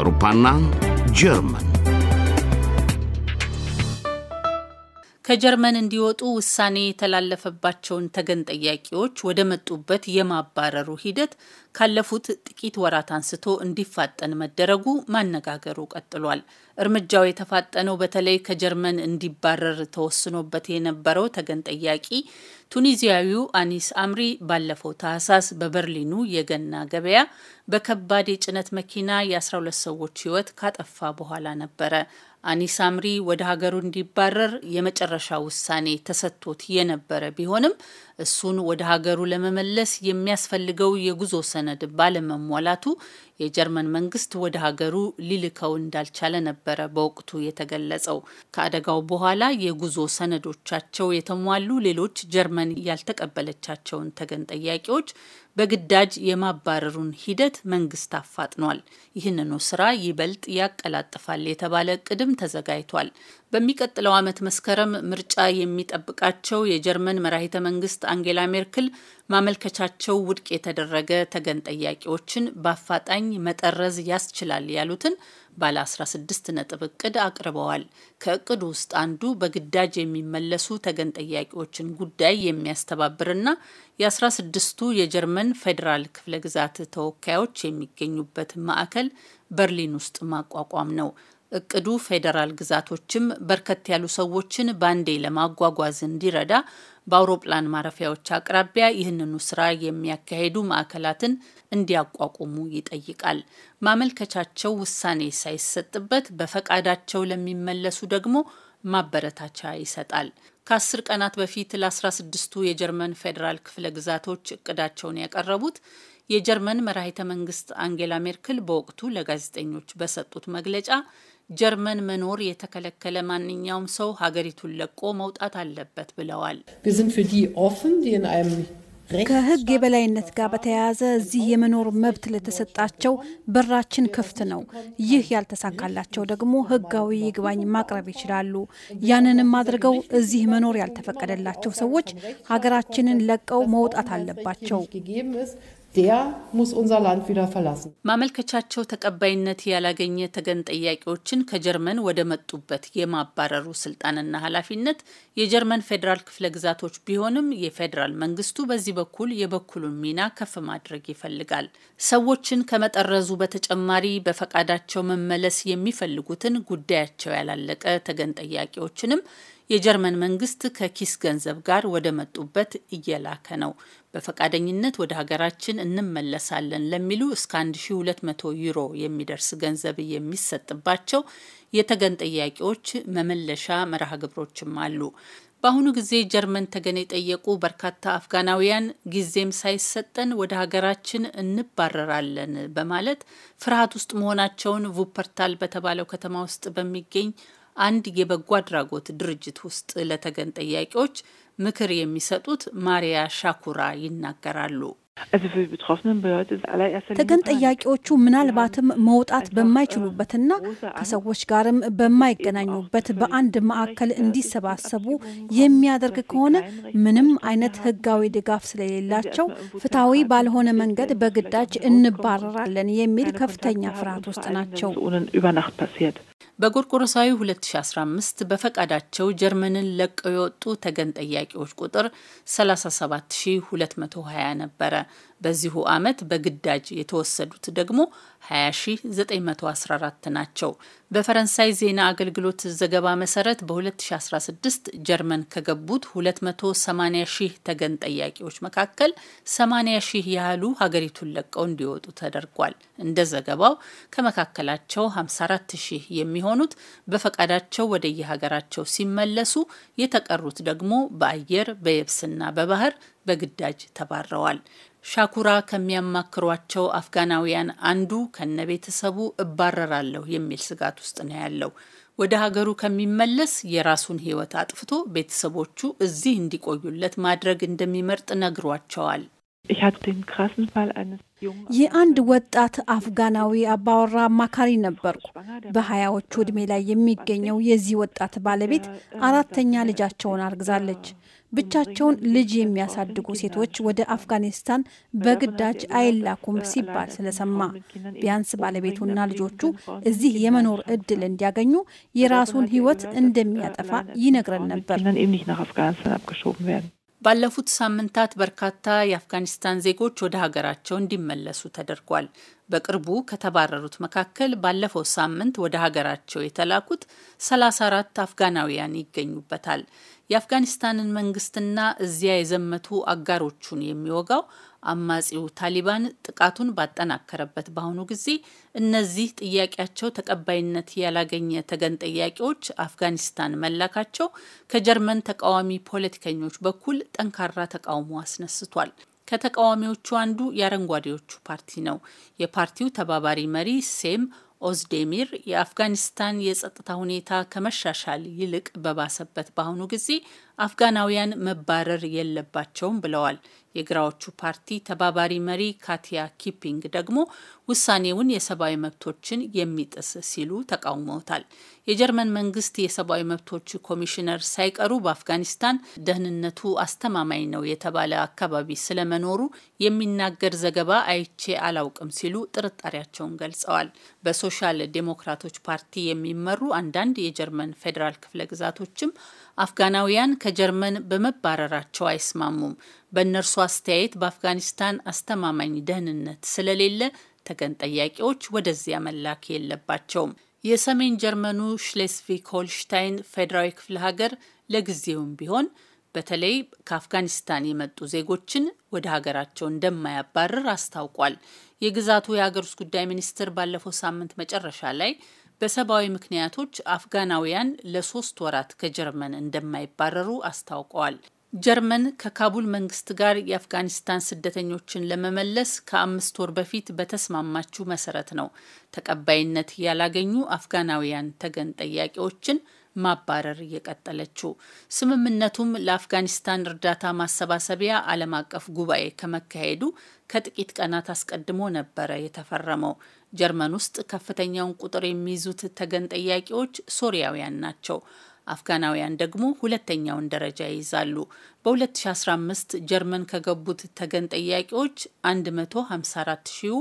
አውሮፓና ጀርመን ከጀርመን እንዲወጡ ውሳኔ የተላለፈባቸውን ተገን ጠያቂዎች ወደ መጡበት የማባረሩ ሂደት ካለፉት ጥቂት ወራት አንስቶ እንዲፋጠን መደረጉ ማነጋገሩ ቀጥሏል። እርምጃው የተፋጠነው በተለይ ከጀርመን እንዲባረር ተወስኖበት የነበረው ተገን ጠያቂ ቱኒዚያዊው አኒስ አምሪ ባለፈው ታህሳስ በበርሊኑ የገና ገበያ በከባድ የጭነት መኪና የ12 ሰዎች ሕይወት ካጠፋ በኋላ ነበረ። አኒሳምሪ ወደ ሀገሩ እንዲባረር የመጨረሻ ውሳኔ ተሰጥቶት የነበረ ቢሆንም እሱን ወደ ሀገሩ ለመመለስ የሚያስፈልገው የጉዞ ሰነድ ባለመሟላቱ የጀርመን መንግስት ወደ ሀገሩ ሊልከው እንዳልቻለ ነበረ በወቅቱ የተገለጸው። ከአደጋው በኋላ የጉዞ ሰነዶቻቸው የተሟሉ ሌሎች ጀርመን ያልተቀበለቻቸውን ተገን ጠያቂዎች በግዳጅ የማባረሩን ሂደት መንግስት አፋጥኗል። ይህንኑ ስራ ይበልጥ ያቀላጥፋል የተባለ ቅድም ተዘጋጅቷል። በሚቀጥለው ዓመት መስከረም ምርጫ የሚጠብቃቸው የጀርመን መራሂተ መንግስት አንጌላ ሜርክል ማመልከቻቸው ውድቅ የተደረገ ተገን ጠያቂዎችን በአፋጣኝ መጠረዝ ያስችላል ያሉትን ባለ 16 ነጥብ እቅድ አቅርበዋል። ከእቅዱ ውስጥ አንዱ በግዳጅ የሚመለሱ ተገን ጠያቂዎችን ጉዳይ የሚያስተባብርና የ16ቱ የጀርመን ፌዴራል ክፍለ ግዛት ተወካዮች የሚገኙበት ማዕከል በርሊን ውስጥ ማቋቋም ነው። እቅዱ ፌዴራል ግዛቶችም በርከት ያሉ ሰዎችን ባንዴ ለማጓጓዝ እንዲረዳ በአውሮፕላን ማረፊያዎች አቅራቢያ ይህንኑ ስራ የሚያካሂዱ ማዕከላትን እንዲያቋቁሙ ይጠይቃል። ማመልከቻቸው ውሳኔ ሳይሰጥበት በፈቃዳቸው ለሚመለሱ ደግሞ ማበረታቻ ይሰጣል። ከአስር ቀናት በፊት ለ16ቱ የጀርመን ፌዴራል ክፍለ ግዛቶች እቅዳቸውን ያቀረቡት የጀርመን መራሂተ መንግስት አንጌላ ሜርክል በወቅቱ ለጋዜጠኞች በሰጡት መግለጫ ጀርመን መኖር የተከለከለ ማንኛውም ሰው ሀገሪቱን ለቆ መውጣት አለበት ብለዋል። ከሕግ የበላይነት ጋር በተያያዘ እዚህ የመኖር መብት ለተሰጣቸው በራችን ክፍት ነው። ይህ ያልተሳካላቸው ደግሞ ሕጋዊ ይግባኝ ማቅረብ ይችላሉ። ያንንም አድርገው እዚህ መኖር ያልተፈቀደላቸው ሰዎች ሀገራችንን ለቀው መውጣት አለባቸው። der muss unser Land wieder verlassen. ማመልከቻቸው ተቀባይነት ያላገኘ ተገን ጠያቂዎችን ከጀርመን ወደ መጡበት የማባረሩ ስልጣንና ኃላፊነት የጀርመን ፌዴራል ክፍለ ግዛቶች ቢሆንም የፌዴራል መንግስቱ በዚህ በኩል የበኩሉን ሚና ከፍ ማድረግ ይፈልጋል። ሰዎችን ከመጠረዙ በተጨማሪ በፈቃዳቸው መመለስ የሚፈልጉትን ጉዳያቸው ያላለቀ ተገን ጠያቂዎችንም የጀርመን መንግስት ከኪስ ገንዘብ ጋር ወደ መጡበት እየላከ ነው። በፈቃደኝነት ወደ ሀገራችን እንመለሳለን ለሚሉ እስከ 1200 ዩሮ የሚደርስ ገንዘብ የሚሰጥባቸው የተገን ጥያቄዎች መመለሻ መርሃ ግብሮችም አሉ። በአሁኑ ጊዜ ጀርመን ተገን የጠየቁ በርካታ አፍጋናውያን ጊዜም ሳይሰጠን ወደ ሀገራችን እንባረራለን በማለት ፍርሃት ውስጥ መሆናቸውን ቡፐርታል በተባለው ከተማ ውስጥ በሚገኝ አንድ የበጎ አድራጎት ድርጅት ውስጥ ለተገን ጠያቂዎች ምክር የሚሰጡት ማሪያ ሻኩራ ይናገራሉ። ተገን ጠያቂዎቹ ምናልባትም መውጣት በማይችሉበትና ከሰዎች ጋርም በማይገናኙበት በአንድ ማዕከል እንዲሰባሰቡ የሚያደርግ ከሆነ ምንም አይነት ሕጋዊ ድጋፍ ስለሌላቸው ፍትሐዊ ባልሆነ መንገድ በግዳጅ እንባረራለን የሚል ከፍተኛ ፍርሃት ውስጥ ናቸው። በጎርጎሮሳዊ 2015 በፈቃዳቸው ጀርመንን ለቀው የወጡ ተገን ጠያቂዎች ቁጥር 37220 ነበረ። በዚሁ ዓመት በግዳጅ የተወሰዱት ደግሞ 20914 ናቸው። በፈረንሳይ ዜና አገልግሎት ዘገባ መሰረት በ2016 ጀርመን ከገቡት 280 ሺህ ተገን ጠያቂዎች መካከል 80 ሺህ ያህሉ ሀገሪቱን ለቀው እንዲወጡ ተደርጓል። እንደ ዘገባው ከመካከላቸው 54 ሺህ የሚሆኑት በፈቃዳቸው ወደየሀገራቸው ሲመለሱ፣ የተቀሩት ደግሞ በአየር በየብስና በባህር በግዳጅ ተባረዋል። ሻኩራ ከሚያማክሯቸው አፍጋናውያን አንዱ ከነቤተሰቡ እባረራለሁ የሚል ስጋት ውስጥ ነው ያለው። ወደ ሀገሩ ከሚመለስ የራሱን ሕይወት አጥፍቶ ቤተሰቦቹ እዚህ እንዲቆዩለት ማድረግ እንደሚመርጥ ነግሯቸዋል። የአንድ ወጣት አፍጋናዊ አባወራ አማካሪ ነበርኩ። በሀያዎቹ ዕድሜ ላይ የሚገኘው የዚህ ወጣት ባለቤት አራተኛ ልጃቸውን አርግዛለች። ብቻቸውን ልጅ የሚያሳድጉ ሴቶች ወደ አፍጋኒስታን በግዳጅ አይላኩም ሲባል ስለሰማ ቢያንስ ባለቤቱና ልጆቹ እዚህ የመኖር እድል እንዲያገኙ የራሱን ሕይወት እንደሚያጠፋ ይነግረን ነበር። ባለፉት ሳምንታት በርካታ የአፍጋኒስታን ዜጎች ወደ ሀገራቸው እንዲመለሱ ተደርጓል። በቅርቡ ከተባረሩት መካከል ባለፈው ሳምንት ወደ ሀገራቸው የተላኩት 34 አፍጋናውያን ይገኙበታል። የአፍጋኒስታንን መንግስትና እዚያ የዘመቱ አጋሮቹን የሚወጋው አማጺው ታሊባን ጥቃቱን ባጠናከረበት በአሁኑ ጊዜ እነዚህ ጥያቄያቸው ተቀባይነት ያላገኘ ተገን ጥያቄዎች አፍጋኒስታን መላካቸው ከጀርመን ተቃዋሚ ፖለቲከኞች በኩል ጠንካራ ተቃውሞ አስነስቷል። ከተቃዋሚዎቹ አንዱ የአረንጓዴዎቹ ፓርቲ ነው። የፓርቲው ተባባሪ መሪ ሴም ኦዝዴሚር የአፍጋኒስታን የጸጥታ ሁኔታ ከመሻሻል ይልቅ በባሰበት በአሁኑ ጊዜ አፍጋናውያን መባረር የለባቸውም ብለዋል። የግራዎቹ ፓርቲ ተባባሪ መሪ ካቲያ ኪፒንግ ደግሞ ውሳኔውን የሰብአዊ መብቶችን የሚጥስ ሲሉ ተቃውመውታል። የጀርመን መንግስት የሰብአዊ መብቶች ኮሚሽነር ሳይቀሩ በአፍጋኒስታን ደህንነቱ አስተማማኝ ነው የተባለ አካባቢ ስለመኖሩ የሚናገር ዘገባ አይቼ አላውቅም ሲሉ ጥርጣሬያቸውን ገልጸዋል። በሶሻል ዴሞክራቶች ፓርቲ የሚመሩ አንዳንድ የጀርመን ፌዴራል ክፍለ ግዛቶችም አፍጋናውያን ከጀርመን በመባረራቸው አይስማሙም። በእነርሱ አስተያየት በአፍጋኒስታን አስተማማኝ ደህንነት ስለሌለ ተገን ጠያቂዎች ወደዚያ መላክ የለባቸውም። የሰሜን ጀርመኑ ሽሌስቪክ ሆልሽታይን ፌዴራዊ ክፍለ ሀገር ለጊዜውም ቢሆን በተለይ ከአፍጋኒስታን የመጡ ዜጎችን ወደ ሀገራቸው እንደማያባርር አስታውቋል። የግዛቱ የሀገር ውስጥ ጉዳይ ሚኒስትር ባለፈው ሳምንት መጨረሻ ላይ በሰብአዊ ምክንያቶች አፍጋናውያን ለሶስት ወራት ከጀርመን እንደማይባረሩ አስታውቀዋል። ጀርመን ከካቡል መንግስት ጋር የአፍጋኒስታን ስደተኞችን ለመመለስ ከአምስት ወር በፊት በተስማማችው መሰረት ነው ተቀባይነት ያላገኙ አፍጋናውያን ተገን ጠያቂዎችን ማባረር እየቀጠለችው ስምምነቱም ለአፍጋኒስታን እርዳታ ማሰባሰቢያ ዓለም አቀፍ ጉባኤ ከመካሄዱ ከጥቂት ቀናት አስቀድሞ ነበረ የተፈረመው። ጀርመን ውስጥ ከፍተኛውን ቁጥር የሚይዙት ተገን ጠያቂዎች ሶሪያውያን ናቸው። አፍጋናውያን ደግሞ ሁለተኛውን ደረጃ ይይዛሉ። በ2015 ጀርመን ከገቡት ተገን ጠያቂዎች 154 ሺው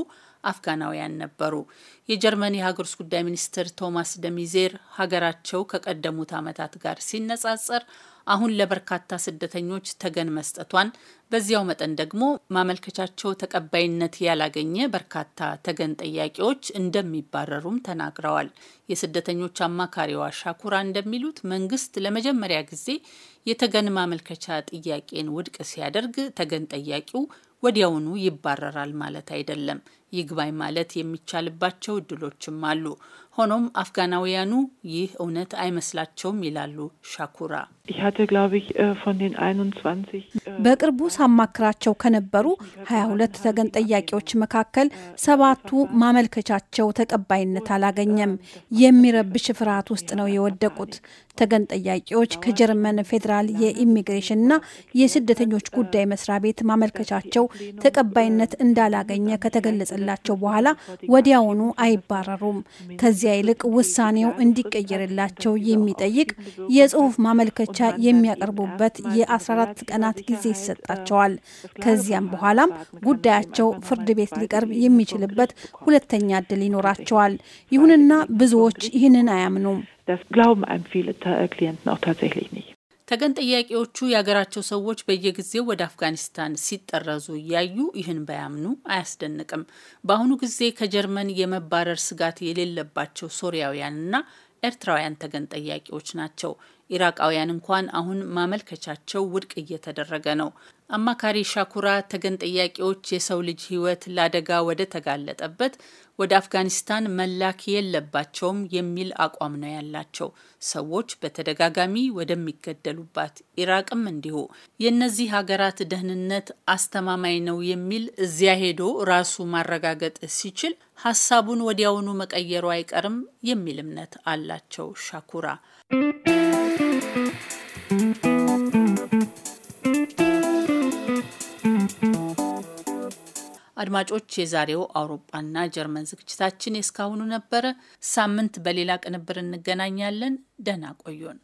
አፍጋናውያን ነበሩ። የጀርመን የሀገር ውስጥ ጉዳይ ሚኒስትር ቶማስ ደሚዜር ሀገራቸው ከቀደሙት ዓመታት ጋር ሲነጻጸር አሁን ለበርካታ ስደተኞች ተገን መስጠቷን በዚያው መጠን ደግሞ ማመልከቻቸው ተቀባይነት ያላገኘ በርካታ ተገን ጠያቂዎች እንደሚባረሩም ተናግረዋል። የስደተኞች አማካሪዋ ሻኩራ እንደሚሉት መንግስት ለመጀመሪያ ጊዜ የተገን ማመልከቻ ጥያቄን ውድቅ ሲያደርግ ተገን ጠያቂው ወዲያውኑ ይባረራል ማለት አይደለም። ይግባኝ ማለት የሚቻልባቸው እድሎችም አሉ። ሆኖም አፍጋናውያኑ ይህ እውነት አይመስላቸውም ይላሉ ሻኩራ። äh, äh, በቅርቡ ሳማክራቸው ከነበሩ ሀያ ሁለት ተገን ጠያቂዎች መካከል ሰባቱ ማመልከቻቸው ተቀባይነት አላገኘም። የሚረብሽ ፍርሃት ውስጥ ነው የወደቁት። ተገን ጠያቂዎች ከጀርመን ፌዴራል የኢሚግሬሽን እና የስደተኞች ጉዳይ መስሪያ ቤት ማመልከቻቸው ተቀባይነት እንዳላገኘ ከተገለጸ ከተሰጠላቸው በኋላ ወዲያውኑ አይባረሩም። ከዚያ ይልቅ ውሳኔው እንዲቀየርላቸው የሚጠይቅ የጽሁፍ ማመልከቻ የሚያቀርቡበት የ14 ቀናት ጊዜ ይሰጣቸዋል። ከዚያም በኋላም ጉዳያቸው ፍርድ ቤት ሊቀርብ የሚችልበት ሁለተኛ እድል ይኖራቸዋል። ይሁንና ብዙዎች ይህንን አያምኑም። ተገን ጠያቂዎቹ የሀገራቸው ሰዎች በየጊዜው ወደ አፍጋኒስታን ሲጠረዙ እያዩ ይህን ባያምኑ አያስደንቅም። በአሁኑ ጊዜ ከጀርመን የመባረር ስጋት የሌለባቸው ሶሪያውያንና ኤርትራውያን ተገን ጠያቂዎች ናቸው። ኢራቃውያን እንኳን አሁን ማመልከቻቸው ውድቅ እየተደረገ ነው። አማካሪ ሻኩራ ተገን ጠያቂዎች የሰው ልጅ ሕይወት ለአደጋ ወደ ተጋለጠበት ወደ አፍጋኒስታን መላክ የለባቸውም የሚል አቋም ነው ያላቸው። ሰዎች በተደጋጋሚ ወደሚገደሉባት ኢራቅም እንዲሁ የእነዚህ ሀገራት ደህንነት አስተማማኝ ነው የሚል እዚያ ሄዶ ራሱ ማረጋገጥ ሲችል ሀሳቡን ወዲያውኑ መቀየሩ አይቀርም የሚል እምነት አላቸው ሻኩራ። አድማጮች፣ የዛሬው አውሮፓና ጀርመን ዝግጅታችን የእስካሁኑ ነበረ። ሳምንት በሌላ ቅንብር እንገናኛለን። ደህና ቆዩን።